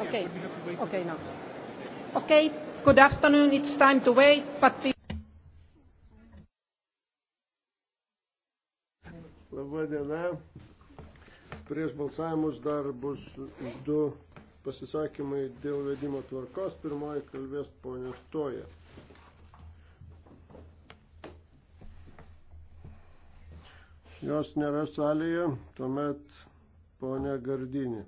Okay. Okay, no. Okay, good afternoon. It's time to wait, but we... Labą dieną. Prieš balsavimus dar bus du pasisakymai dėl vedimo tvarkos. Pirmoji kalbės ponė Toja. Jos nėra salėje, tuomet Pone Gardinį.